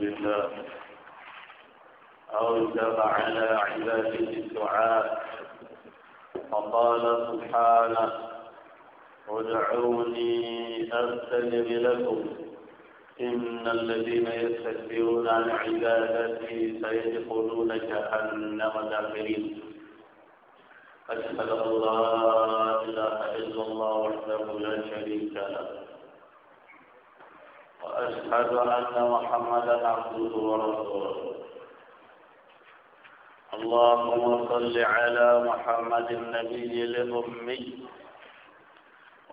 لله أوجب على عباده الدعاء فقال سبحانه ادعوني أستجب لكم إن الذين يستكبرون عن عبادتي سيدخلون جهنم داخلين أشهد أن لا إله إلا الله وحده لا شريك له وأشهد أن محمدا عبده ورسوله اللهم صل على محمد النبي الأمي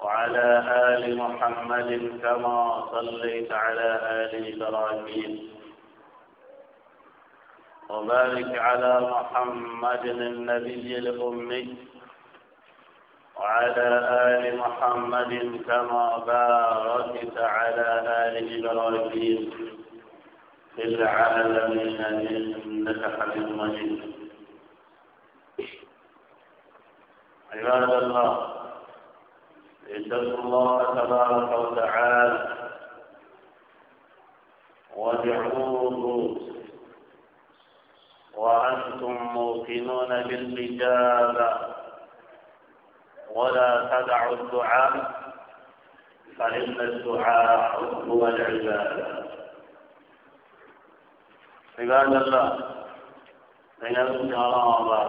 وعلى آل محمد كما صليت على آل إبراهيم وبارك على محمد النبي الأمي وعلى آل محمد كما باركت على آل إبراهيم في العالمين إنك حميد مجيد عباد الله اتقوا الله تبارك وتعالى وادعوه وأنتم موقنون بالإجابة ولا تدع الدعاء فإن الدعاء هو العبادة عباد الله من الله الله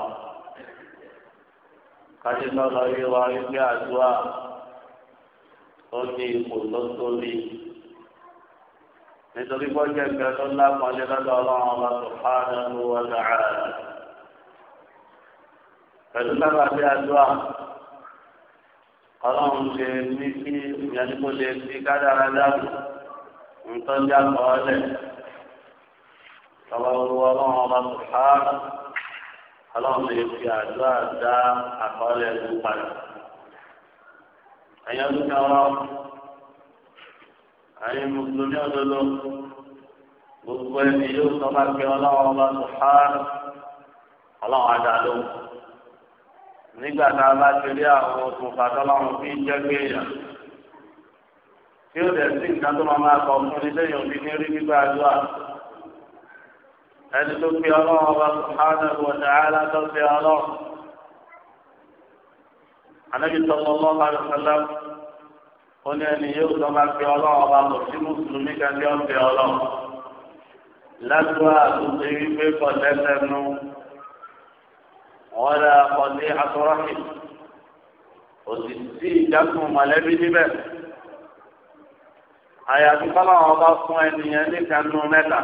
قد صلى الله عليه ó ní ipò tó tóbi nítorí bọ́jà ìgbà tó lápọ̀lẹ́ lọ́dọ̀ ọlọ́run ọba tó fà nínú ọjà pẹ̀lú sábà bí adúlá ọlọ́run ṣe ní kí ìyẹn kó lè fi kádàrá dáàbò nǹkan já kọ́ ọ lẹ̀ ọlọ́run ọba tó ká ọlọ́run lè fi àdúrà dá àkọọ́lẹ̀ ẹ̀kú padà. ẹ̀yin mùsùlùmí gbogbo ẹni yóò sọ bá ọba tó ká ọlọ́run adá nígbà tá a bá ti rí àwọn òṣùpá tọ́lọ́run fi ń jẹ́ gbéyà tí ó tẹ̀sí nǹkan tó máa máa kọ fún ní lẹ́yìn òbí ní rí gbígbà àdúrà ẹni tó fi ọlọ́run ọba subhanahu wa ta'ala tó fi ọlọ́run anabi sallallahu alaihi wasallam ó ní ẹni yóò tó máa fi ọlọ́run ọba lọ sí mùsùlùmí kan tí ó fi ọlọ́run lásìkò àtúnṣe wípé kọ̀ lẹ́sẹ̀ nù. ولا ọ̀lẹ asọ́rọ́kì òsì sí ìdákùn mọ̀lẹ́bí níbẹ̀ àyàfi الله ọba fún ẹnìyẹn níkanú mẹ́ta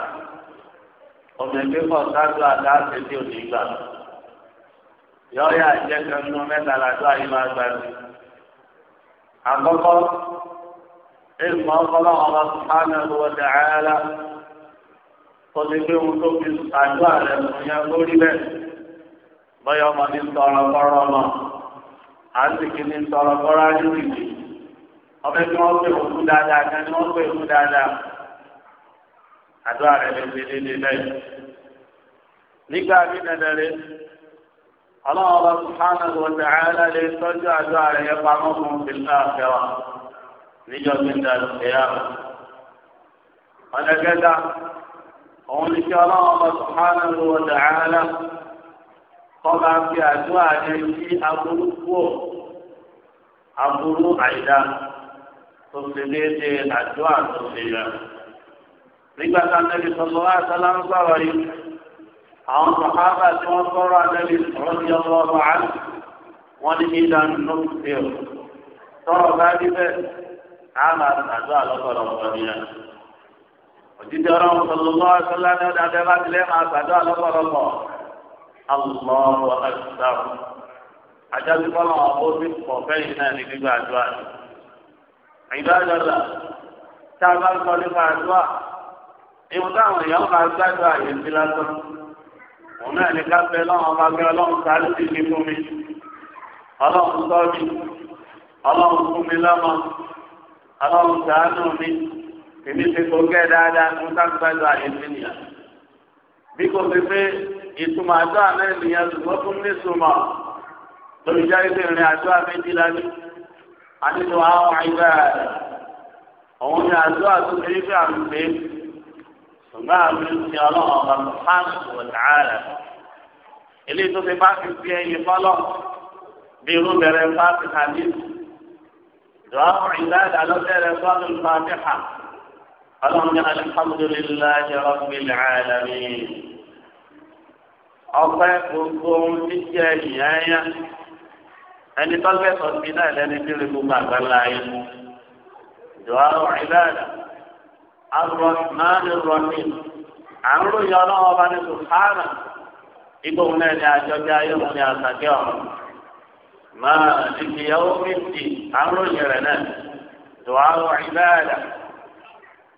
ọmọ ẹgbẹ́ pọ̀ sáájú àdá àtẹ̀tẹ̀ òní gbà yọ̀ọ́yà jẹ́ kanú mẹ́ta làdó àyè máa gbà sí. àkọ́kọ́ èèmọ̀ fọláwọn ọba subhanahu wa ta'ala kọ́ni pé wọn tó fi àdó àrẹ̀ fún yẹn lórí bẹ́ẹ̀ bọ́yọ̀ ọmọ ní tọrọ kọ́rọ́ ọmọ àǹtíkì ní tọrọ kọ́rọ́ àǹtíkì ọbẹ̀ tí wọ́n pè òkú dáadáa kan ni wọ́n pè òkú dáadáa àdúrà rẹ̀ lè fi dédé bẹ́ẹ̀. nígbà bí dandanlé ọlọ́run ọba subhanahu wa ta'ala lè tọ́jú àdúrà rẹ̀ yẹn pamọ́ fún fìlà àfẹ́wà níjọ́ tí ń ọ̀nà kẹta òun ni kí ọlọ́run ọba subhanahu wa ta'ala kọ́ba fi àdúrà rẹ̀ sí aburú pọ̀ aburú àìdá tó fi léde àdúrà tó fi yẹ. nígbà tá a tẹ̀lé sọ̀rọ̀ wá sọ́lá ń sọ̀rọ̀ yìí àwọn sọ̀hábà tí wọ́n sọ̀rọ̀ àtẹ̀lé sọ̀rọ̀ ní ọlọ́ ọ̀rọ̀ àlù wọ́n ní ìdá nínú fèrè tọ́rọ̀ bá rí bẹ́ẹ̀ á máa sàdúrà lọ́pọ̀lọpọ̀ nìyẹn. òjijì ọlọ́run sọ̀rọ̀ lọ́wọ́ sọ́lá ní ọ̀dà Allahu akbar àjọṣe kọ́nà ọ̀bọ bí kò fẹ́yìn náà ní gbígbà àdúrà ìdájọ́lá tá a bá ń sọ nípa àdúrà ìwọ táwọn èèyàn máa gbàdúrà yìí sí lásán òun náà ní ká fẹ́ lọ́wọ́ bá gbé ọlọ́run sáré sí ní fún mi ọlọ́run sọ mi ọlọ́run fún mi lọ́mọ ọlọ́run sàánú mi èmi ti kò gẹ́ dáadáa ń ká gbàdúrà yìí sí nìyà bí kò fi pé ìtumọ̀ àjọ àná ènìyàn ṣùgbọ́n fún ní ìtumọ̀ lórí jáde pé ìrìn àjọ àméjìlá ní àdínú àwọn àìgbà rẹ̀ òun ni àjọ àtúnṣe yìí fẹ́ àmì pé ṣùgbọ́n àmì ti ọlọ́run ọba mùsàlùmí wọ̀tàrà eléyìí tó ti bá fi ẹyin fọlọ́ bí irú bẹ̀rẹ̀ fáfi hàbí ìdùnnú àwọn àìgbà rẹ̀ lọ́sẹ̀rẹ̀ fọ́nù fàtíhà ọlọ́run ni alihamudulilayi ọpẹ́ gbogbo ohun jíjẹ ìyáyá ẹni tó fẹ́ sọ sí náà lẹ́ni tí lè gbogbo àgbàlá yìí dùwà ìbáàdà arọ̀nàmí àrùn yọ náà ọba ní ní ayé wọn ní máa fífi àrùn náà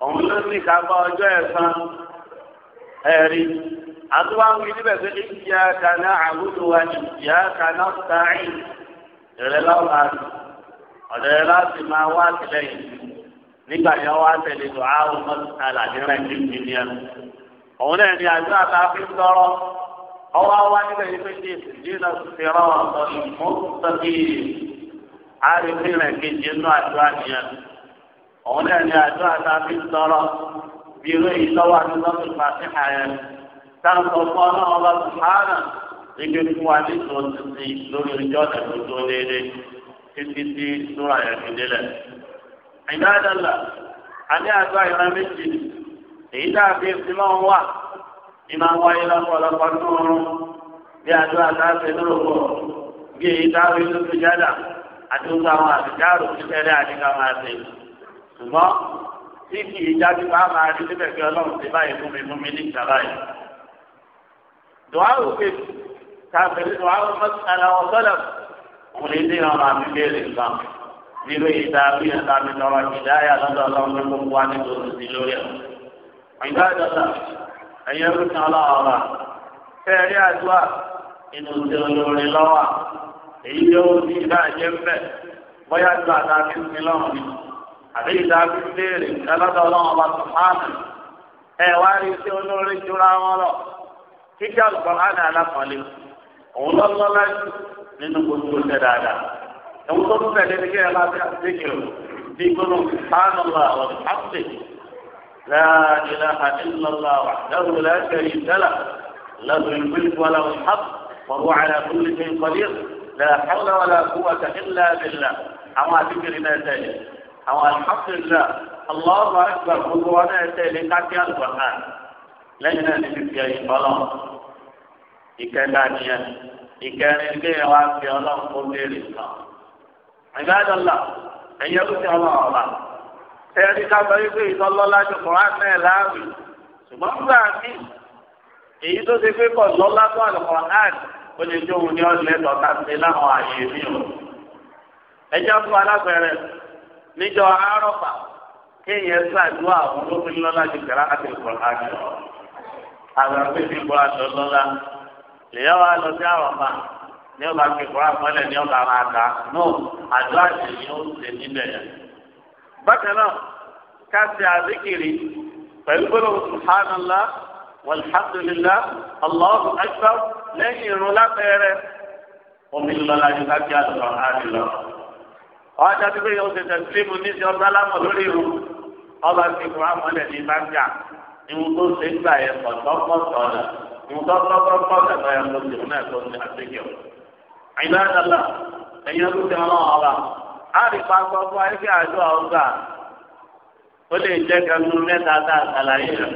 òun ló sì ká bá ọjọ́ ẹ̀rí. àtúwà ń gbé bẹ́ẹ̀ pé ìyá kaná àwùjọ wa ni ìyá kaná sáyìn rẹ̀ láwọn àti ọ̀dọ̀ rẹ̀ láti máa wá àtìlẹ́yìn nígbà yẹn wá tẹ̀lé tó àwọn mọ́tàlá ní rẹ̀ndín mílíọ̀nù. òun náà ni àjọ àtàfi ń tọrọ ọwọ́ wá níbẹ̀ yìí pé kí ìdílé fẹ́rọ̀ ọ̀tọ̀ ìmọ̀tàkì àrífín rẹ̀ kejì inú àjọ àníyàn. òun náà ni àjọ àtàfi ń tọrọ bí irú ìtọ́wà táwọn ọmọ náà wá sùhánà níbi fún wa ní ìtòsí lórí ìjọ ìdàgbò tó léde títí tí lóra yẹn fi délẹ̀. ìdádàlà àní àgbà ìran méjì èyí dàbí ìfimọ́ wà ìmọ̀ wáyé lọ́pọ̀lọpọ̀ tó ń rún bí àdó àtàfẹ́ lórúkọ bí èyí dáwé lóṣù jáda àti oṣù àwọn àbíkárò títẹ̀lé àdínkà máa ṣe. ṣùgbọ́n tí kì í jáde bá máa rí síbẹ̀ kí ọlọ́run ti báyìí fún mi fún mi ní ìjà báyìí dùwárò kejì káfíńtì dùwárò mọ́tàlá ọ̀sọ́lá òun ní ní ọ̀rọ̀ àmì léèrè nǹkan nínú ìta bí ẹ̀ka mi lọ́rọ̀ ìdáyà lọ́dọ̀ ọlọ́run tó wá nínú òṣìṣẹ́ lórí ẹ̀. ìgbà ìdọ́ta ẹ̀yẹ rúkìn ọlọ́ọ̀rọ̀ fẹ́ẹ̀rí àdúrà inú ti olóore lọ́wọ́ èyí yóò ní ìdá ẹ̀jẹ̀ ń bẹ̀ bóyá ju àtàkì sí lọ́rùn ni àbí ìdá bí léèrè lọ́dọ̀ ọlọ́run ọba tó máa mẹ́ ẹ̀ wá rí sí olóore jura wọn lọ kíkí alukọ̀rán alákọ̀ọ́lẹ̀ òun lọ lọ́la nínú gbogbo ṣẹ dáadáa ẹ̀wọ́n tó tún tẹ̀lé ní kéèyàn láti àtẹ́kẹ̀rọ bí gbọ́dọ̀ sùpánù lọ àwọn àpè láàdìlà àdìlọ́lá wàhálà lẹ́kẹ̀ ìdálà lọ́dún ìgbìlì wàlà wàhálà wàhálà wàhálà kúlì ní kọ́líẹ̀ làhálà wàlà kúwàtà ìlà bìlà àwọn àtẹ́kẹ̀rẹ̀ náà tẹ̀lé àwọn alhamdulilah allah akbar gbogbo wa náà tẹ̀lé kákí alukọ̀rán lẹ́yìn náà ní fífi ẹ̀yìn bọ́lọ̀ ìkẹta nìyẹn ìkẹrin ilé wa fi ọlọ́run kó léèrè kan. ìgbàdọ̀là ẹ̀yẹ ló ti ọlọ́run ọ̀la ẹ̀rí ká sọ wípé ìtọ́lọ́lá ju kùrán náà láàwì ṣùgbọ́n gbà mí èyí tó ti pé pọ̀ lọ́lá tó àlùkò náà ó lè jó òun ní ọ̀lẹ́ tọ́ta sí láwọn àyè mi o. ẹjọ́ fún alágbẹ̀rẹ̀ níjọ àárọ̀fà kéèyàn ṣàdúrà àwọn olókùnrin lọ́lá ju kẹrẹ́ àwọn akéwì kura lọ́lọ́ la lèyà wa lọ sí àwọn ọba ní ọba fi kura mọ́lẹ̀ ní ọba máa ta nù àdó àti ní ó ṣe níbẹ̀ yẹn. bákan náà káṣí àzikiri pẹ̀lú gbọ́dọ̀ subhanallah walhamdulillah allahu akbar lẹ́yìn irun lápẹẹrẹ omi lọ́la ju káṣí àlùkò àdì lọ. ọjà tó gbé yẹn ó ṣe tẹ̀sílẹ̀ ní ti ọba lámọ̀ lórí irun ọba fi kura mọ́lẹ̀ ní bá ìwọ tó ṣe gbà yẹ pọ̀tọ́pọ̀tọ̀ ọ̀nà ìwọ tó pọ̀tọ́pọ̀tọ̀ ọ̀nà tó yẹ kó ṣe fún ẹ̀kọ́ ṣe àtẹ́kẹ̀ ọ̀. àyìnbá dàgbà ẹ̀yin ọdún tẹ ọlọ́run ọba á rí pàṣẹ fún ayé àjọ ọgbà ó lè jẹ́ kẹnu mẹ́ta tá a ṣàlàyé rẹ̀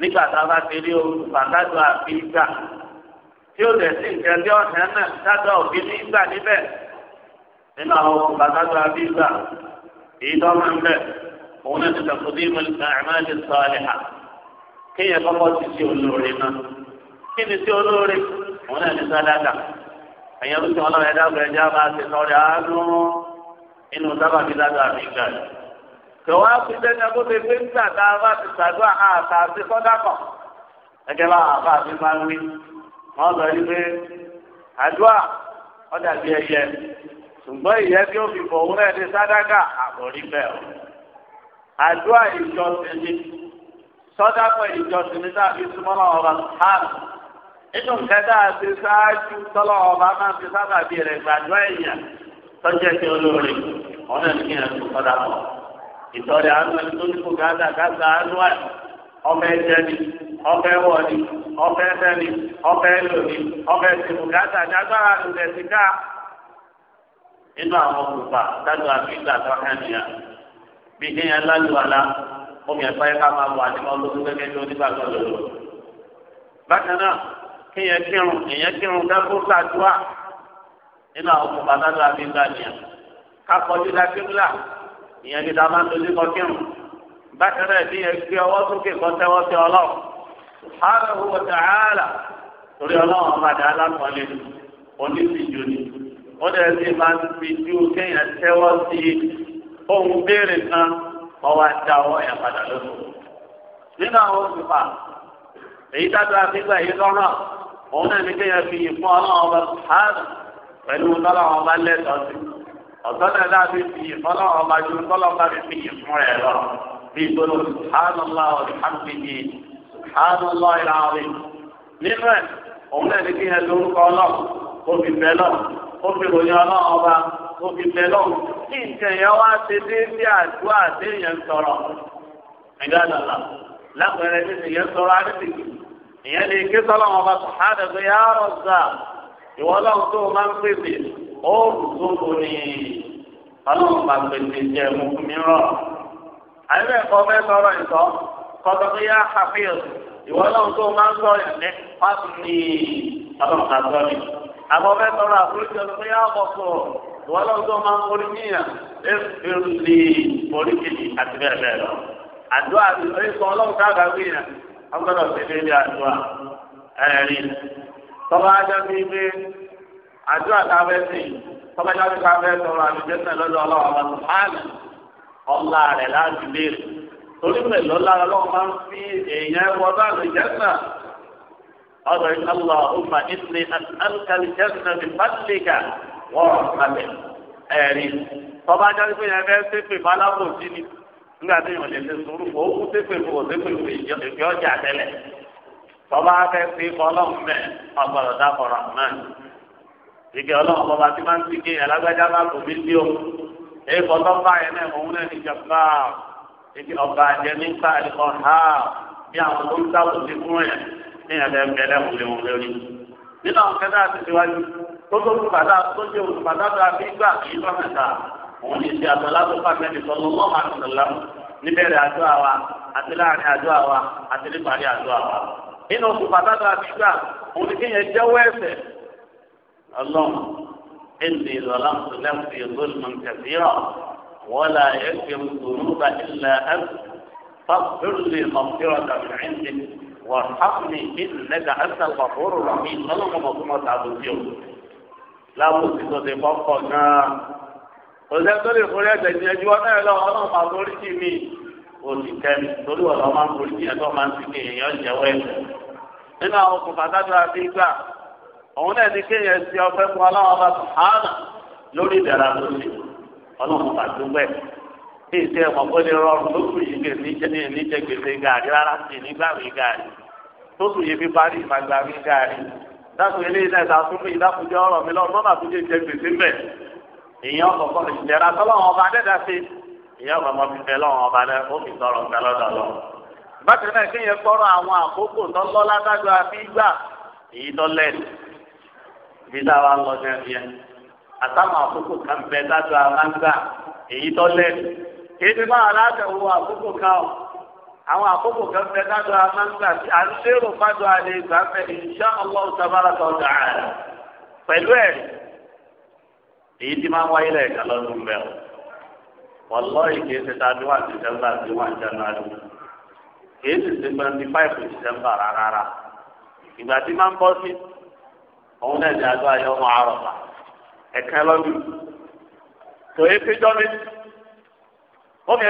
nígbà tá a bá ti rí oṣù pàtàkì àfi gbà tí ó lè sí ìtẹ̀lé ọ̀nà náà sádọ̀ òbí ní gbà níbẹ̀ nínú àwọn oṣù pàtàkì àfi gbà èyí tó máa ń bẹ̀ òun náà ti tẹ̀kùdí ìmọ̀lẹ́ta àmàlẹ́ sọ̀rọ̀ kéèyàn kọ́kọ́ ti ṣe olóore náà kí ni ṣe olóore òun náà ní sàdáàkà ẹ̀yàn ló ti wọn lọ́wọ́ ẹ̀dá ọ̀gbìn ẹ̀dá máa ṣe sọ́ọ́rẹ́ àánú inú sábà bí ládùn àmì ìgbà rẹ̀. tòwá fi sẹ́ni agbóde pé nígbà tá a bá ti ṣàdúrà àtà àti sọ́dákọ̀ ẹ̀jẹ̀ bá àbá mi máa ń wí wọ́n sọ yí pé àdúrà ọ̀dà bí ẹyẹ ṣùgbọ́n ìyẹ́ tí ó fi fọ̀ òun ẹ̀ ní sàdáàkà àbọ̀rí bẹ́ẹ̀ sọ́dá pẹ̀ ìjọsìn ní sáà fi súnmọ́ lọ́wọ́ ọba hàn nínú nǹkan tá a ti ọba máa fi sábà bí rẹ̀ gbàdúrà èèyàn tọ́jú ẹ̀kẹ́ olóore ọ̀nà ní ìtọ́jú àánú ẹni tó ní kó àánú ọbẹ̀ ọbẹ̀ ọbẹ̀ omi ẹ̀fọ́ yẹn ká máa bọ̀ àti máa lókun gẹ́gẹ́ bí onígbàgbọ́ lòlò. bákan náà kéèyàn kírun èèyàn kírun dákó sàdúrà nínú àwọn ọkùnrin bàtàdó abíńgá nìyẹn kakọjú dá kíbla ìyẹn ní dáa máa ń dojú kọ kírun bákan náà bí yẹn gbé ọwọ́ sókè kọ́ tẹ́wọ́ sí ọlọ́run subhanahu wa ta'ala ọwọ́ ajá ọwọ́ yẹn padà lóṣù. nínú àwọn òṣùpá èyí dájú àfihàn èyí lọ́rọ̀ òun náà ní kéèyàn fi ìfún ọlọ́run ọba sùhánù pẹ̀lú tọ́lọ́run ọba lẹ́tọ̀ọ́ sí ọ̀tọ́ náà dábí fi ìfún ọlọ́run ọba ju tọ́lọ́run bá fi ìfún rẹ̀ lọ bí gbọ́dọ̀ sùhánù lọ́wọ́ ìhàmìdì sùhánù lọ́ ìlàrin nínú ẹ̀ òun náà ní kéèyàn lórúkọ ọlọ́run ó fi bẹ́ẹ̀ lọ ó fi ròyìn ọlọ́run ọba òbí mẹ́lọ̀ kí nǹkan nke wá ṣe déédé àdúrà déèyàn sọ̀rọ̀ ẹ̀dá lápẹ̀rẹ̀ ní ìyẹn sọ̀rọ̀ àdìsíkì ìyẹn lè ké sọ́lọ́ wọn bá sọ àdàgbé yà á rọ̀ ìwọ ọlọ́run tó o máa ń pèsè oòrùn o ọlọ́run bá pèsè jẹ kọ́ sọ̀rọ̀ ìtọ́ ìwọ ọlọ́run tó máa ń sọ wá sí sọ̀rọ̀ ìwọ lọ́wọ́ ma máa ń forí níyàn ẹ̀rù lè forí kejì àti bẹ́ẹ̀ bẹ́ẹ̀ lọ. àdúrà ẹ̀ sọ ọlọ́run káàkà gbìyàn ọgbọ́dọ̀ sí ilé a àdúrà ẹ̀rí. tọ́ba ajá bíi pé àdúrà tá a fẹ́ sí tọ́ba ajá bíi ká fẹ́ sọ̀rọ̀ àlùjẹ́sẹ̀ lọ́dọ̀ ọlọ́run ọba tó hánì ọ̀la rẹ̀ láti torí pé máa ń fi èèyàn wọnú àlùjẹ́sẹ̀ ọ̀dọ̀ wọ́n rọ̀ kalẹ̀ ẹ̀rí tọ́ba jáde pé yẹn fẹ́ sépè bálábò sí ni nígbà tí yòó lè ṣe sùúrù kó o kú sépè kó o sépè kó ìjọ ọjà tẹ́lẹ̀ tọ́ba fẹ́ sí ọlọ́run mẹ́ ọgbọ̀dọ̀ dákọ̀rọ̀ náà ìgbà ọlọ́run bọba tí máa ń ti gé alágbájá má kò mí sí o èyí kọ́tọ́ yẹn náà òun náà ní ìjọba ìdí ọba àjẹ ní ẹ̀rẹ́ ń nínú àwọn àti tiwájú tó tó olùpàdà tó jẹ́ olùpàdà tó àbí gbà kí ló ń ta òun ní ti àtọ̀ látó pàṣẹ mi sọ́nù wọ́n máa tẹ̀lé lọ́mù níbẹ̀rẹ̀ àjọ àwa àti láàrin àjọ àwa àti níparí àjọ àwa. nínú olùpàdà tó àbí gbà òun ní kéèyàn jẹ́wọ́ ẹ̀ṣẹ̀ ọlọ́run ẹ̀ǹdì ìrọ̀lọ́mù tó lẹ́mùsì ìrọ̀lọ́mù kẹfìrọ̀ wọ́n là ẹ̀ فاغفر لي مغفرة من عندك وارحمني إنك أنت الغفور الرحيم lábùsí tó ti kọ́kọ́ gan-an. òṣìṣẹ́ tó lè forí ẹ̀jẹ̀ ní ẹjú ọ̀nà ẹ̀rọ ọlọ́run máa forí sí mi kò sì tẹ̀lé torí ọ̀nà máa ń forí sí ẹ̀tọ́ máa ń ti ké èèyàn jẹ́wọ́ ẹ̀jẹ̀. nínú àwọn okùnfà dájọ́ àti ìgbà òun náà ti ké yẹn ti ọpẹ́ fún ọlọ́run ọba sùhánà lórí ìdára tó ṣe ọlọ́run bá dúpẹ́ bí ìṣe ẹ̀wọ̀n kó lè rọrùn lóṣù yìí yìí dákun eléyìí náà ta súnmù yìí dákunjẹ ọ̀rọ̀ mi lọ́rùn mọba tó jẹ jẹ gbèsè mbẹ èèyàn kọ́kọ́ ìjẹra tọlọ́run ọba dẹdà sí èèyàn bàbá fi fẹ lọ́rùn ọba náà ó fi sọ̀rọ̀ nǹkan lọ́dọ̀ lọ. bákan náà kéèyàn gbọ́rọ̀ àwọn àkókò tọ́lọ́ látàgbà àfi gbà èyí tó lẹ́nu ibi tá a wá lọ ní ẹ̀fíẹ́ àtàwọn àkókò kan bẹ dájọ́ àmágbà èyí tó lẹ́nu kí ebi máa látẹ̀wọ́ àkókò kan ọ̀ àwọn àkókò kan fẹ́ dájọ́ amáńgbà tí a ń lérò fájọ́ alẹ́ ìgbà fẹ́ insha Allah tabaraka wa ta'ala pẹ̀lú ẹ̀ èyí máa ń wáyé ìkéyìí ti ta dúwà dìsẹ́mbà sí wà jánúwárì kéyìí ti ti gbọ́n ní fáìfù dìsẹ́mbà ìgbà tí máa ń bọ́ sí òun náà ní adó ọmọ tòye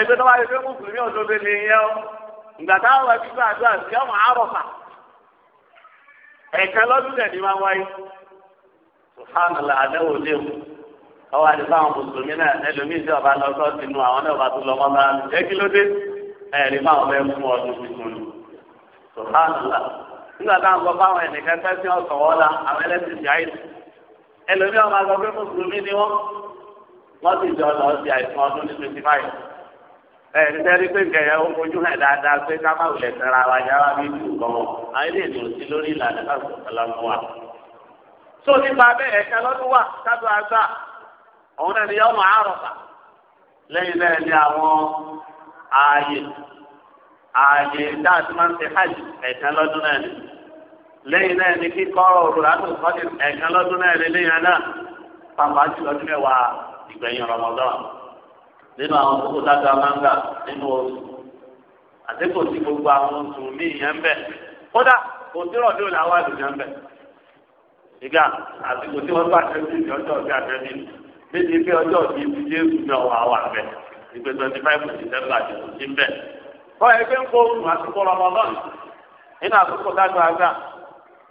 mi ó tó ni ìgbà táwọn ẹbí gbà àdúrà sí ọmọ àròfà ẹ̀ka lọ́dún náà ni máa wáyé sùhánàlá àdáwò léwu ọwọ́ àti fáwọn mùsùlùmí náà ẹlòmíì sí ọba lọ sọ́ọ́ sínú àwọn náà bá tún lọ mọ́ náà jẹ́ kí ló dé ẹ̀rí fáwọn bẹ́ẹ̀ fún ọdún tuntun ni sùhánàlá nígbà táwọn gbọ́ fáwọn ẹnìkan fẹ́ sí ọ̀sán wọ́lá àwọn ẹlẹ́sìn sí àìsàn ẹlòmíì ọba sọ pé mùsùlùmí ni wọ́n wọ́n sì jọ lọ sí àìsàn ọdún ní twenty five ẹ̀rí sẹ́rí pé nǹkan yẹn ó fojú hàn dáadáa pé ká má wulẹ̀ tẹ̀ra wa yá wa bí ju nǹkan wọn àyè lè lò sí lórí ìlànà láti sọ̀tàlá fún wa. tó nípa bẹ́ẹ̀ ẹ̀ka lọ́dún wà sábà àgbà òun náà ni yọ ọmọ àròkà lẹ́yìn náà ni àwọn ààyè ààyè dáàtí máa ń ṣe hajj ẹ̀ka lọ́dún náà ni lẹ́yìn náà ni kíkọ́ òru látò kọ́ni ẹ̀ka lọ́dún náà ni lẹ́yìn náà pàpà jùlọ nínú àwọn tó kó dáadáa máa ń gbà nínú oṣù àti kò sí gbogbo àwọn oṣù míì yẹn ń bẹ kódà kò sí rọ̀ lóòlù àwọn àlùjọ ń bẹ. ìgbà àsìkò tí wọ́n bá tẹ́lẹ̀ ní ọjọ́ ọ̀gá ọjọ́ ti dé ọ̀wà twenty five december kò sí ń kọ́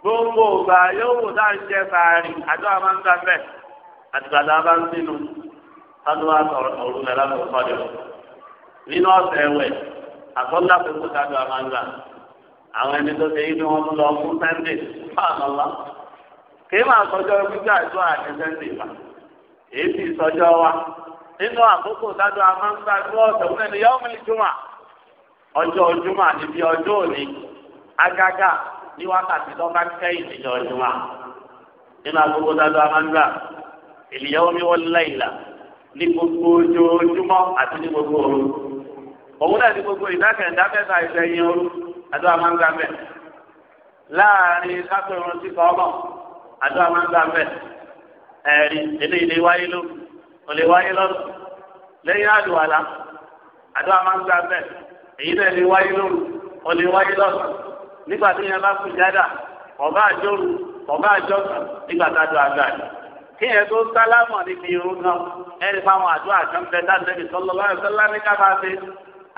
gbogbo ògbà yóò wò kánú àtọ̀rọ̀ ọ̀rú lẹ́la tó kọ́lé o nínú ọ̀sẹ̀ ẹ̀wẹ̀ àkọ́lá pẹ̀lú kájú àmàlà àwọn ẹni tó ṣe yí ni lọ fún sẹ́ńdè máa gbígbà tó àti èyí sì wa nínú àkókò tó fún ẹni àti bíi òní agága ní wákàtí lọ́ba kẹ́yìn nínú àkókò ní gbogbo ojoojúmọ́ àti ní gbogbo òru òun náà ní gbogbo ìdákẹ̀ẹ́dá mẹ́ta ìfẹ̀yìn òru àdúrà máa ń gbà mẹ́ láàrin sáfẹ̀rún sí kọ́mọ̀ àdúrà máa ń gbà mẹ́ ẹ̀rí eléyìí lè wáyé ló kò lè wáyé lọ́dún lẹ́yìn àdùwàlà àdúrà máa ń gbà mẹ́ èyí náà lè wáyé ló kò lè wáyé lọ́dún nígbà tí yẹn bá kú jáda ọba àjọrù ọba àjọsà nígbà tá a dùn àgbà yìí. kí ẹ tó sálámọ̀ níbi irun náà ẹni fáwọn àdúrà kan bẹ dáńdẹ́bì sọlọ́lá ẹ̀sọ́lá ní ká máa ṣe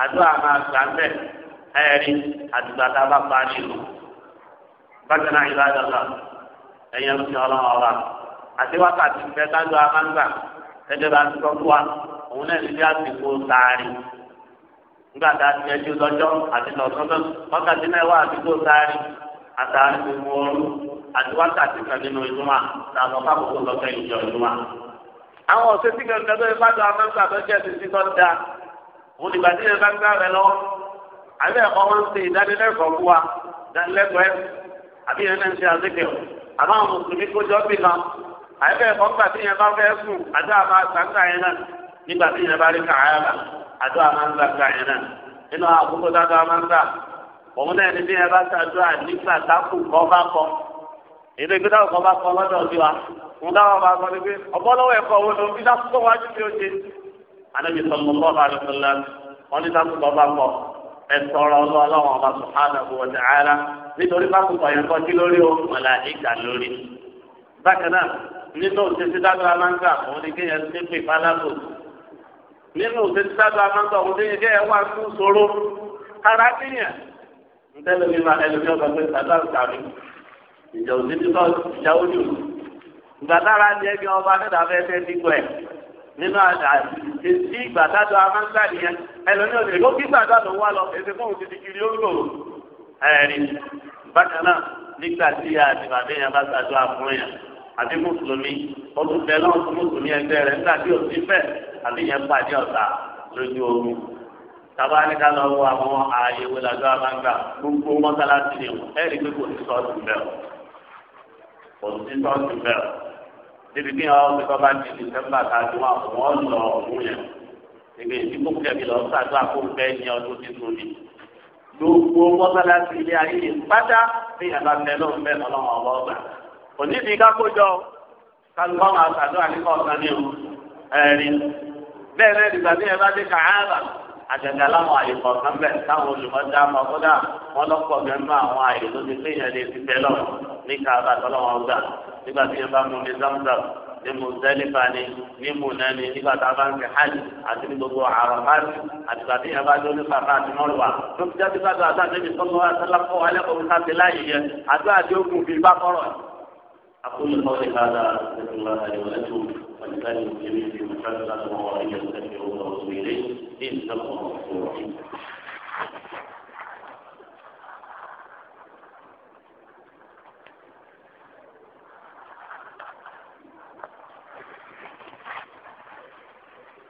àdúrà máa ń bẹ̀ ẹ̀rí àdúgbà tá pa nínú. bákan náà ìlú àdàlà ẹ̀yẹ ń fi ọlọ́run àti wákàtí ń bẹ amáńgbà ẹ̀jẹ̀ bá fún wa òun náà ti fi sáárì nígbà tá a ti ẹjú lọ́jọ́ àti wákàtí náà àti wákàtí kan nínú ìdúmọ̀ làwọn bá kókó lọ fẹ́ ìjọ ìdúmọ̀. àwọn ọ̀sẹ̀ tí kankan tó ipá tó amáńgbà tó jẹ́ ti títọ́ da òun ìgbà tí yẹn bá ń gbà rẹ lọ. àbí ẹ̀kọ́ wọn ń ṣe ìdánilẹ́kọ̀ọ́ fún wa ìdánilẹ́kọ̀ọ́ ẹ̀ àbí yẹn náà ń ṣe àzékè àmọ́ àwọn mùsùlùmí kójọ́ bì kan àbí ẹ̀kọ́ ńgbà tí yẹn bá fẹ́ sùn àdó àmà gbàgbà yẹn náà nígbà tí yẹn bá rí kàáyà àdó èdè ìgbé táwọn kan bá kọ lọ́dọ̀ sí wa wọn táwọn bá kọ ní pé ọ̀pọ̀ lọ́wọ́ ẹ̀kọ́ owó ló ń bí sásùkò wájú tí ó ṣe. anábì sọmọ lọ́ọ̀bà àdùsọ̀lá wọn ní sásùkò bá kọ ẹ̀sọ̀ ọ̀rọ̀ ọlọ́wọ́n ọba subhanahu wa ta'ala nítorí sásùkò yẹn kọ́ sí lórí o màláíkà lórí. bákan náà nínú òṣèṣì dágbà máa ń gbà òun ni kéèyàn ti pè pálábò nínú òṣèṣì dágbà máa ń gbà òun ni kéèyàn wà fún ìṣòro kára kéèyàn ń tẹ́lẹ̀ mi máa ẹlòmíọ́ ìjà òsì tí kò ìjà ojú ìgbà tára ni ẹbí ọba nígbà fẹ́ fẹ́ dínkù ẹ̀ nínú àti ìgbà tájọ amáńgbà nìyẹn ẹlòmí òsì ló kí gbàgbà ló wà lọ èsì fún òsì ti kiri ó lò ẹ̀rí bákan náà nígbà tí àtìmàdé yẹn bá ṣàjọ àfún yẹn àti mùsùlùmí ọdún bẹ́ẹ̀ náà fún mùsùlùmí ẹgbẹ́ rẹ̀ nígbà tí òsì fẹ́ àbí yẹn pàdé ọ̀tá lójú oorun tàbá ní ká lọ wọ àwọn ààyè wo làjọ amáńgbà gbogbo mọ́sálásí ni ẹ̀rí pé kò sọ́ọ̀tù bẹ́ẹ̀ òtítọ́ ti bẹ̀rẹ̀ níbi bí wọn ti kọ́ba di dìsẹ́mbà kájú wọn wọn lọ ọ̀hún yẹn níbi ìdíkò kẹbi lọ sàdó àkóńpẹ́ ní ọdún títún ni gbogbo mọ́sálásí ilé ayé yìí pátá ní àbáfẹ́ ló ń bẹ́ ọlọ́wọ́ ọba ọgbà onídìí kákójọ kálukọ́ máa sàdó àníkọ́ ọ̀sán ní ẹ̀rín bẹ́ẹ̀ náà ìgbà tí ẹ bá dé kàárà àtẹ̀tẹ̀ aláwọ̀ àyè kọ̀ọ̀kan bẹ̀ táwọn olùmọ̀dá máa kódà wọn lọ́pọ̀ mẹ́nu àwọn àyè tó ti pé yẹn lè fi bẹ́ẹ̀ lọ ní káàbà tọ́lọ́wọ́n gbà nígbà tí yẹn bá mú mi zamzam ní mùsẹ́lífà ni ní mùnà ni nígbà tá a bá ń fi hajj àti ní gbogbo àràmáàtì àti gbà tí yẹn bá dé onífà bá ti mọ́lù wa tó fi jáde bá tó àtàkùn ẹ̀mí sọ́kọ́ àtàlákọ́ alẹ́kọ̀ọ́ أقول قولي هذا أستغفر الله لي ولكم ولسائر المسلمين في مكان لا مواضيع أستغفروه وأتوب إليه إنه هو الغفور الرحيم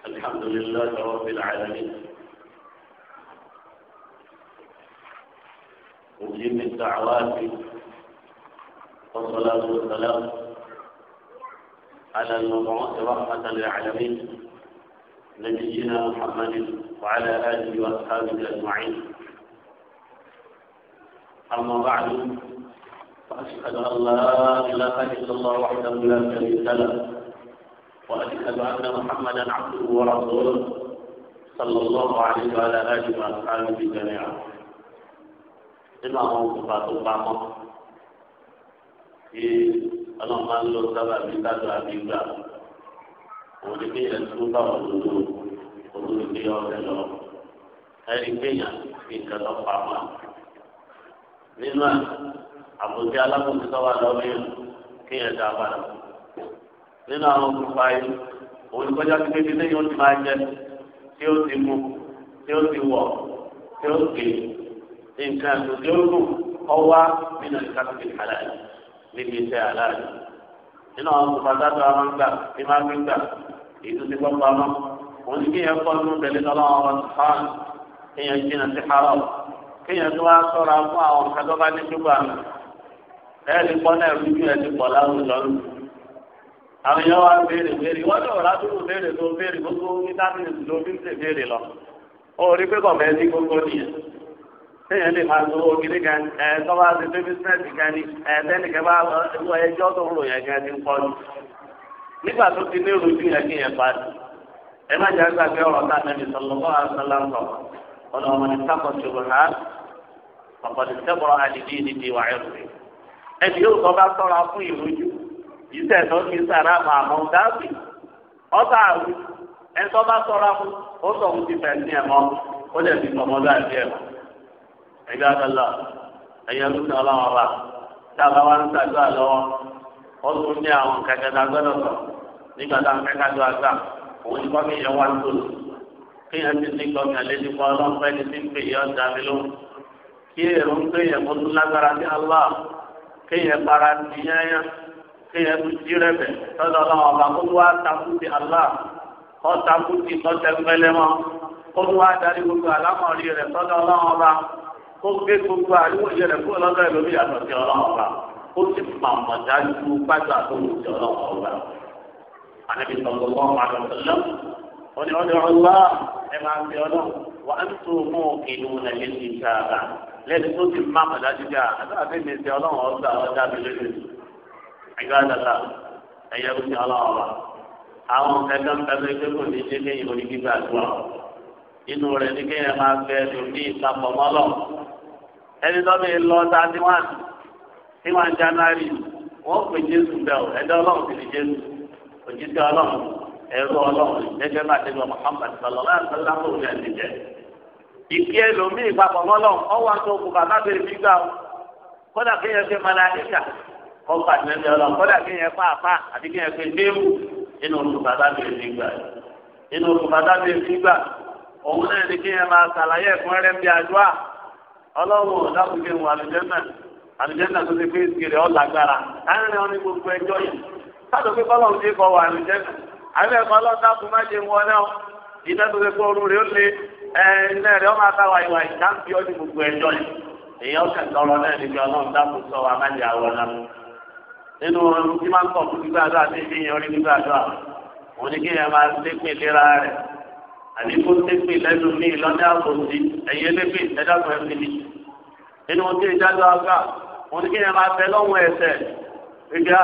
الحمد لله رب العالمين مجيب الدعوات والصلاة والسلام على المبعوث رحمة للعالمين نبينا محمد وعلى آله وأصحابه أجمعين أما بعد وأشهد أن لا إله إلا الله وحده لا شريك له وأشهد أن محمدا عبده ورسوله صلى الله عليه وعلى آله وأصحابه جميعا إمام وصفات الله pé ọlọ́run máa ń lọ sábà bí kájọ àbígbà òun ni pé ìyẹn tó bá wọn lòdò òun ni pé ọ̀rẹ́ lọ ẹni pé yàn kí nǹkan lọ pa wọn. nínú àbòsí alákòóso sọ́wọ́ lọ́wọ́ yẹn kí yẹn dá padà. nínú àwọn òkúpa yìí òun ni kọjá pípé tí lẹ́yìn ó máa jẹ tí ó ti mú tí ó ti wọ̀ tí ó ti nǹkan àtúntí ó kù ọwá nínú ìkàtúntì kàlàyé níbi iṣẹ́ aláàlú nínú àwọn olùfàdàdà àwọn gbà tí máa fi gbà èyí ti gbọ́ pamọ́ òun ti kéèyàn kọ́ nínú tẹ̀lé tọ́lọ́wọ́ wọn fáàn kéèyàn jìnnà sí haram kéèyàn tó wá sọ̀rọ̀ fún àwọn kẹtọ́ba ní ṣùgbà ẹ̀ẹ́dì pọ́ náà rújú ẹ̀ ti pọ̀ láwùjọ lù àwọn èèyàn wá béèrè béèrè wọ́n lọ ládùúgbò béèrè tó béèrè gbogbo vitamin ló fi ń ṣèbéèrè lọ ó rí pé kọ̀ọ̀mẹ́sì téèyàn lè máa gbowó kiri kan ẹ tọ́ba ti pé bísíǹsì kan ní ẹ tẹ́nìkan bá wọ ẹjọ́ tó ń lò yẹn kan ti ń pọ̀ jù nígbà tó ti ní ìrújú yẹn kí yẹn parí ẹ má jẹ́ àgbàgbé ọ̀rọ̀ tá a nẹ́bi sọlọ́kọ́ àṣàlá ń sọ ọ̀nà ọmọ ní sákò ṣòro ha ọ̀pọ̀lọpọ̀ sẹ́kọ̀rọ̀ àdìdí níbi wàá ẹ̀rù rẹ̀ ẹni yóò tọ́ bá sọ́ra fún ìrújú ìṣẹ̀ tó ti sàrà màmú dábì ọ̀tá àrùn ẹ̀ tọ́ bá sọ́ra fún ó sọ̀ ẹ̀dá dọ́là ẹ̀yẹ lóṣù ọlọ́wọ́ bá tá a bá wá ń sàdúrà lọ́wọ́ ó tún ní àwọn kẹ̀kẹ́ tá a gbọ́dọ̀ sọ nígbà tá a fẹ́ kájọ àgbà òun ni kọ́kí yẹn wá ń tó kéèyàn ti ní gbọ́ngàn létí kọ́ ọlọ́pẹ́ ní ti ń pè yọ ọjà mi ló kí èrò ń pè yẹn mọ́tún lágbára ní Allah kéèyàn para ti yányá kéèyàn tún Allah kó gbé gbogbo àríwọ̀ yẹn lẹ̀ kó lọ́dọ̀ ẹ̀ lórí yàtọ̀ sí ọlọ́run bá ó sì pàmò dájú pátá tó ń sí ọlọ́run bá. ànábi sọ̀rọ̀ wọn máa lọ sọ́lọ́ ó ní ọdún ọlá ẹ máa fi ọlọ́run wà á tó mú ìlú nàìjíríà ti ká ara lẹ́nu tó ti má pàdájú ká àtàwọn ẹgbẹ́ ti ọlọ́run ọ̀gá ọ̀dà mi lójú ẹgbẹ́ àdàlà ẹ̀yẹ ó ti ọlọ́run bá àwọn ẹgbẹ́ ń bẹ́ẹ̀ ẹni tó bí lọ thirty one tí wọn january wọn pè jésù bẹ ọ ẹdẹ ọlọ́run sì ni jésù òjijì ọlọ́run ẹrú ọlọ́run gẹ́gẹ́ bá tẹgbẹ muhammad sọlọ láti sọlá ẹni jẹ ìkí ẹlòmíì papọ̀ gbà ó kódà kí yẹn fi mọ́lá ẹ̀ka àti ọlọ́run kódà kí yẹn àti kí yẹn fi ọlọ́run ọ̀dàkùnjẹ wọn àlùjẹ́nà àlùjẹ́nà tó ti pé ìsìkèrè ọ̀làgbára láàrin wọn ní gbogbo ẹjọ́ yìí sáàtò pé kọ́lọ̀ ń dé wọ àlùjẹ́nà àbẹ́ ẹ̀kọ́ má wọn náà ìdá tó ti rẹ̀ ó lé rẹ̀ ọmọ ọdún gbogbo ẹjọ́ yìí èèyàn náà ní ọlọ́run nínú ohun tí ìjájọ́ àgbà wọn ní kí ni máa fẹ́ lọ́wọ́ ẹsẹ̀ ìgbà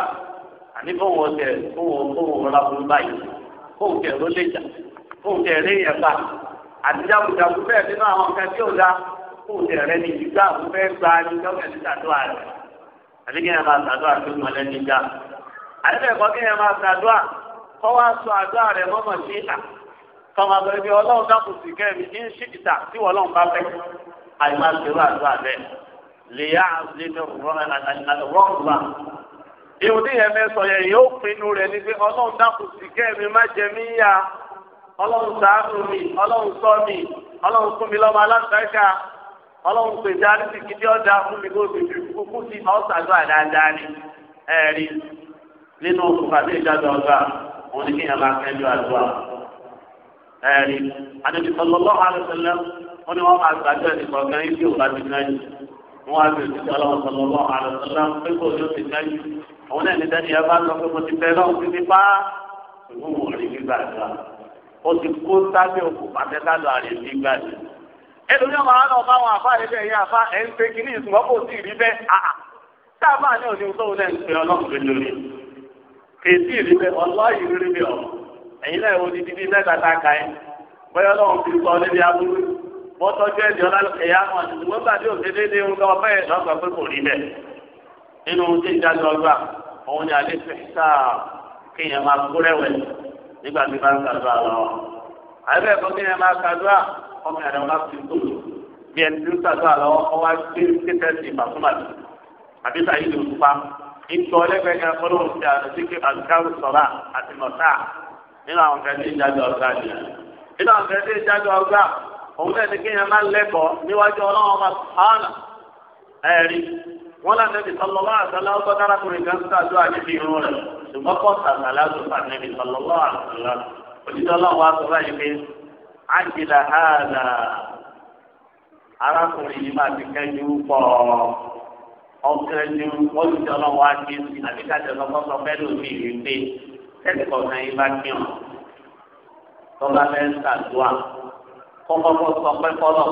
àní kóhùn ọ̀tẹ̀ kóhùn kóhùn rọra fún báyìí kóhùn tẹ̀ ló lè jà kóhùn tẹ̀ rí ẹ̀fà àti jagunjagun bẹ́ẹ̀ nínú àwọn kan tí ò da kóhùn tẹ̀ rẹ ní ìgbà àwọn fẹ́ gba ní gọ́ọ̀mẹ̀ ní tàdúrà rẹ̀ àní kí ni máa mọ lẹ́ni já àti kí ni máa tàdúrà kọ́ àyùmá ṣerú àdúrà bẹ́ẹ̀ lè yá àlejò rọ́ọ̀gbà. ìwọ ní yẹn mẹ́sọ yẹn yóò pinnu rẹ̀ ní ọlọ́run dákun sí kẹ́mi má jẹ mí yá ọlọ́run mi ọlọ́run mi ọlọ́run fún mi lọ́mọ alágbèéká ọlọ́run pèsè àdìsí ọ̀dà fún mi kó kúkú sí ni ẹ̀rí nínú òun ni kí yẹn máa kẹ́jọ́ àdúrà ẹ̀rí àdìsí àlùfẹ́lẹ́ wọ́n ní wọ́n máa gbàdúrà ní kọ̀ọ̀kan yìí tí ò bá ti káyì wọ́n á bèrè sí ọlọ́wọ́ sọlọ́wọ́ àlọ́sọ́lá pé kò ní ó ti káyì àwọn náà ní dání ẹbá sọ pé mo ti bẹ lọ́wọ́ títí bá ìlú wò rí gbígbàdúrà ó ti kó sábẹ́ òkú pàtẹ́kálọ̀ àrè gbígbàdúrà ẹlòmíọ́ máa ń lọ bá àwọn àfa ẹgbẹ́ yẹn àfa ẹ̀ ń pe kínní ìsùn ọkọ̀ ọlọ́run lórí sọ ọ́ níbi aburú bọ́tọ̀ jẹ́ ìdí ọlá ẹ̀yà mọ̀ ṣùgbọ́n gbà tí òṣèlú ní orúkọ ọba ẹ̀ lọ́gbà pé kò rí bẹ́ẹ̀ nínú ohun tí ìjà lọ gbà òun ni àlẹ́ fi sá kéèyàn máa kó rẹ̀wẹ̀ nígbà tí bá ń kàdúrà lọ. àbẹ̀ ẹ̀kọ́ kéèyàn máa kàdúrà ọmọ ẹ̀rọ bá fi tó bí ẹni tí ń kàdúrà lọ ọwọ́ gbé kétẹ́sì ìbàkúmàdì àbí sàyí ló ń pa ìtọ́ òun náà ní kéèyàn máa lẹ́kọ̀ọ́ níwájú ọlọ́run ọba sùhánà ẹ̀rí wọn láti ẹbí kan irun rẹ̀ ṣùgbọ́n kọ́ òjijì ọlọ́run wa sọ báyìí pé arákùnrin yìí máa ti kẹ́jú pọ̀ ọ̀kẹ́jú òjijì ọlọ́run wa ti lọ́kọ́sọ rí pé kọ́kọ́kọ́ sọ pé fọlọ́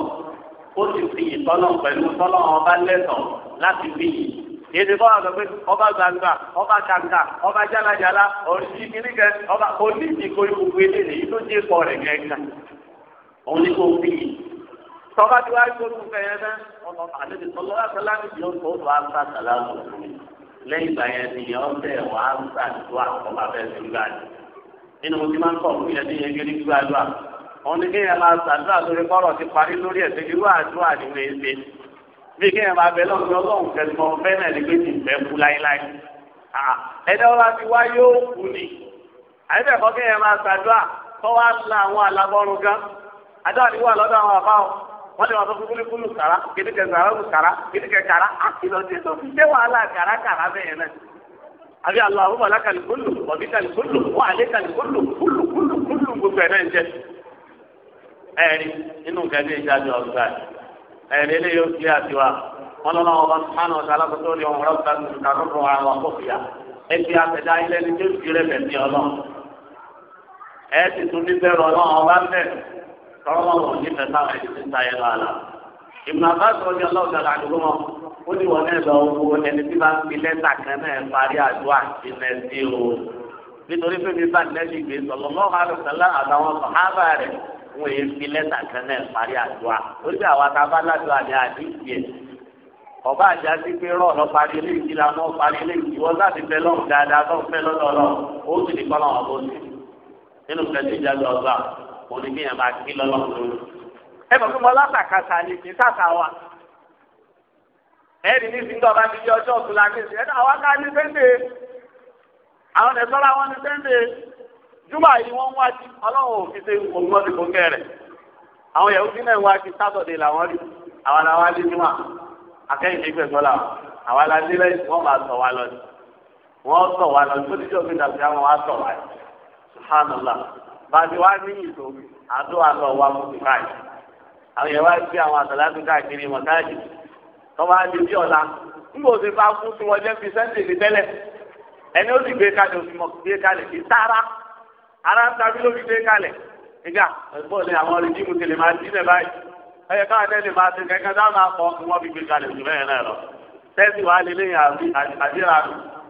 ó sì fi yìí tọ́lọ̀ pẹ̀lú tọ́lọ̀ ọba lẹ́tọ̀ láti fi yìí èdè kọ́ àgbà pé ọba gbangba ọba kàǹkà ọba jálajàla òrìṣì kìnìkẹ ọba oníṣì kò yóò gbé léde yìí ló dé kọ rẹ̀ gẹ́gẹ́ òun ni kò fi yìí tọ́ba tí wàá gbóòrò fẹ̀yẹ́ náà ọmọ àdébí tọ́lọ́ àtàlámì yóò tó wàá sá sàlámù lẹ́yìn ìgbà yẹn ni ọ̀sẹ̀ wàá sàdúrà ọba bẹ́ẹ̀ sí gbàdúrà nínú mo ti máa ń kọ̀ fún yẹn ní yẹn gẹ́gẹ́ gbàdúrà òun ni kéèyàn máa ṣàdúrà lórí kọ́rọ̀ ti parí lórí ẹ̀sìn irú àdúrà ni wọ́n ṣe bí kéèyàn máa bẹ lọ́wọ́ ọlọ́run kẹsìmọ́ fẹ́nà ni pé ti fẹ́ kú láéláé ẹ̀dá ọlá ti wá yóò kú ni àyẹ̀fẹ̀kọ́ kéèyàn máa kọ́ wá la àwọn alábọ́run gan ni wà lọ́dọ̀ àwọn àbá wọ́n lè wà fún kúlíkúlù kàrá á náà àbí ọ̀bí ẹ̀rí nínú nǹkan tí ìjáde ọ̀gbà ẹ̀rí ilé yóò kílé àti wa wọn lọ́nà ọba sùpánù ọ̀sán alákòóso ní ọmọ rẹ̀ ọ̀gá tuntun kan rúbọ̀ àwọn akófìyà ẹ fi àtẹ̀dá ilé ní tó fi rẹ̀ bẹ̀mí ọlọ́run ẹ ti tún ní bẹ̀rù ọlọ́run ọba ń bẹ̀ tọ́rọ́ wọn ò ní fẹ́ sáwọn ẹni tí ń ó ní wọn náà lọ ẹni tí bá ń fi lẹ́tà kan náà parí àdúrà sí mẹ́sì o nítorí pé mi bá nẹ́ẹ̀lì gbé sọ̀lọ́ mọ́ àlùsálà àtàwọn sọ̀hábà rẹ̀ wọn èyí fi lẹ́tà kan náà parí àdúrà ó sì àwọn akábá ládùúgbò àti àdìsí ẹ̀ ọba àjà sí pé rọ lọ parí eléyìí la mọ parí eléyìí wọn láti fẹ lọrùn dáadáa tó fẹ lọdọọlọ ó sì ní kọlọ wọn bó sí nínú fẹsẹ ìjágbé ọgbà kò ní bí yẹn máa kí lọlọrun lórí. ẹ bọ̀ fún mi ọlọ́sàkàtà ni kì í sàkà wa ẹ̀rí ní sinmi ọba ti di ọjọ́ ọ̀tún la ní ìsìn ẹ̀dá àwọn ká ní sẹ́ńdẹ̀ àwọn júmọ̀ àyè wọ́n wá sí ti àwọn wá sí sátọ̀dẹ̀ làwọn rí àwọn làwọn alẹ́ akẹ́yìn gbẹ̀gbọ́ wa lọ wọ́n sọ wa lọ tó dídí òfin dàbí àwọn wa sọ wa yìí subhanallah bàbí wa ní ìtò àdó àtọ̀ wa mú ti káyìí àwọn gbé àwọn káàkiri mọ̀ di bí ọ̀la nígbà tí bá fún tí jẹ́ fi sẹ́ńtì ní tẹ́lẹ̀ ẹni ó ara ń tabi lórí dé kalẹ̀ ìgbà ẹ̀gbọ́n ni àwọn rìdíìmù tẹ̀lé máa dín lẹ̀ báyìí ẹ̀yẹ káwọn tẹ́lẹ̀ máa ti kẹ́kẹ́ dáhùn náà kọ́ kí wọ́n fi gbé kalẹ̀ jù bẹ́ẹ̀ náà lọ tẹ́sí wàá lé lẹ́yìn àdíra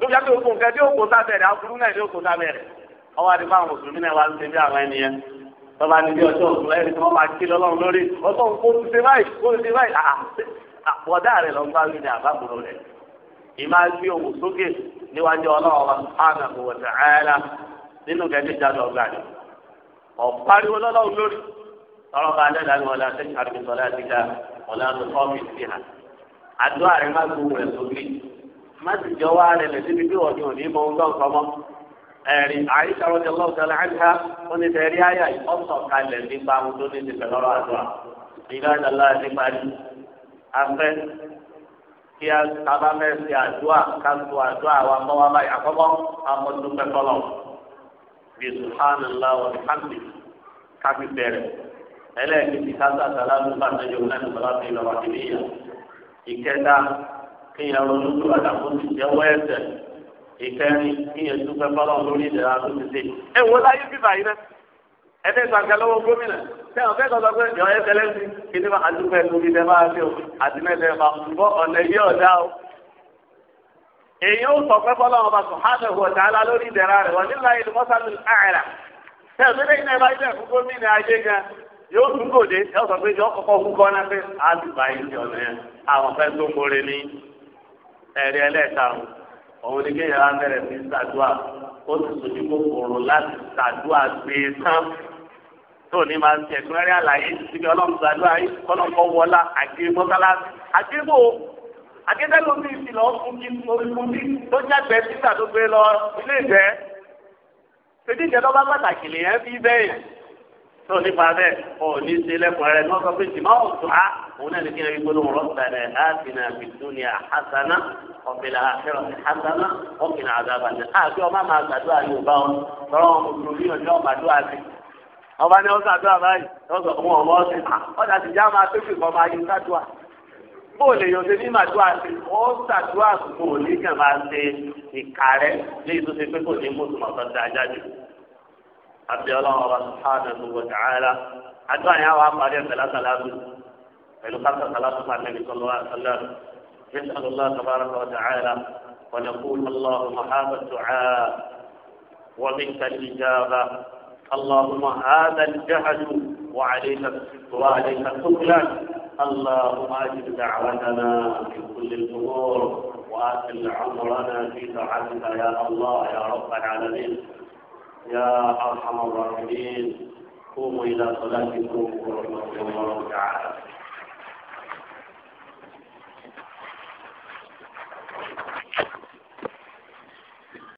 nù tó fi àti òkun kẹ́ẹ́ òkun sábẹ̀ rẹ̀ àkúrú náà ní òkun sábẹ̀ rẹ̀ ọwọ́ àti fáwọn mùsùlùmí náà wá ń bí àwọn ẹni yẹn tọ́ba ní bí ọjọ́ òkun ah, ah, ẹni nínú kẹ́kẹ́ jáde ọgbà rẹ̀ ọ̀pariwo lọ́lọ́run lórí ọ̀rọ̀ bá dẹ́dá ni wọlé àti àbísọ̀lá ti ga wọlé àti kọ́ọ̀mì sí hàn àdó àrẹ má gbowó rẹ̀ sókè má sì jọ wá rẹ̀ lẹ́sí bíbí wọ́n ní òní mọ ohun tó ń sọmọ́ ẹ̀rí àyíṣà wọn ti lọ́wọ́ sọlá àyíṣà wọn ti tẹ̀rí àyà ọ̀sọ̀ kalẹ̀ nípa ohun tó ní ti fẹ̀ lọ́rọ̀ àdúrà kí a tábà mẹ́sì àdúrà ká tó àdúrà wa mọ́ wa báyìí àkọ́kọ́ àmọ́ tó fẹ́ kọ́lọ́ bí subhanallah wa bihamdi káfí bẹ̀rẹ̀ ẹlẹ́ẹ̀kejì káta sàlámù bàtà yóò náà nígbà láti ìlọ wà níbí yà ìkẹta kínyàn ronú tó wà dàpọ̀ ti jẹ́wọ́ ẹ̀sẹ̀ ìkẹrin kínyàn dúpẹ́ bọ́lá lórí ìdẹ̀ra tó ti dé. ẹ wo láyé bíbá yìí rẹ ẹdẹ gbàgbé lọ́wọ́ gómìnà sẹ́wọ̀n fẹ́ẹ́ sọ pé ìyọ̀ ẹ̀sẹ̀ lẹ́sìn kí ni máa dúpẹ́ lórí ìdẹ́ èyí ó sọ pé bọ́lá ọba subhanahu wa ta'ala lórí ìdẹ̀ra rẹ̀ wọ́n ní ìlú mọ́sálù àìrà ṣé ìpínlẹ̀ iná ìbá ilé ẹ̀kú gómìnà ajé gan yóò tún gòdè yóò sọ pé yọ kọ́kọ́ fún kọ́ná pé àlùbá ilé ọ̀nà yẹn àwọn fẹ́ ó sì àkẹ́tẹ́lú mi sì lọ fún mi orí fún mi tó jágbe títà tó gbé lọ ilé ìgbẹ́ tètè ìjẹ́ lọ́ba pàtàkì lèyẹn fi bẹ́ẹ̀ tó nípa bẹ́ẹ̀ ọ̀ ní ṣe lẹ́kọ̀ọ́ rẹ̀ ní wọ́n sọ pé jìmọ́ ọ̀tún á òun náà ní kí ẹni gbólóhùn rọ́ọ̀tàn ẹ̀ láti nà fi dúnìá hasana ọ̀bìnà àfẹ́rọ̀ hasana ọ̀bìnà àgàbàdàn àti ọmọ àmà àgbàdo àyùbá ọ tọrọ ọmọ òbí ọjọ́ ọ̀gbàdo àti ọba ni ọ̀sàdúrà bóò lè yọ̀ọ́ ṣe ní màdúrà ṣe ó ṣàdúrà kò ní kàn máa ṣe ìka rẹ ní ìtò ṣe pé kò ní mú tòmọ̀ tó dáa jáde. àbí ọlọ́run ọba subhanahu wa ta'ala àdúrà yẹn wà parí ẹ̀fẹ̀ látàlábù pẹ̀lú káṣà sàlátù fún àmì sọlọ́wọ́ àṣàlá يسأل الله تبارك وتعالى ونقول اللهم هذا الدعاء ومنك الإجابة اللهم هذا الجهل وعليك وعليك الثقلان اللهم اجب دعوتنا في كل الامور واكل عمرنا في طاعتك يا الله يا رب العالمين يا ارحم الراحمين قوموا الى صلاتكم ورحمه الله تعالى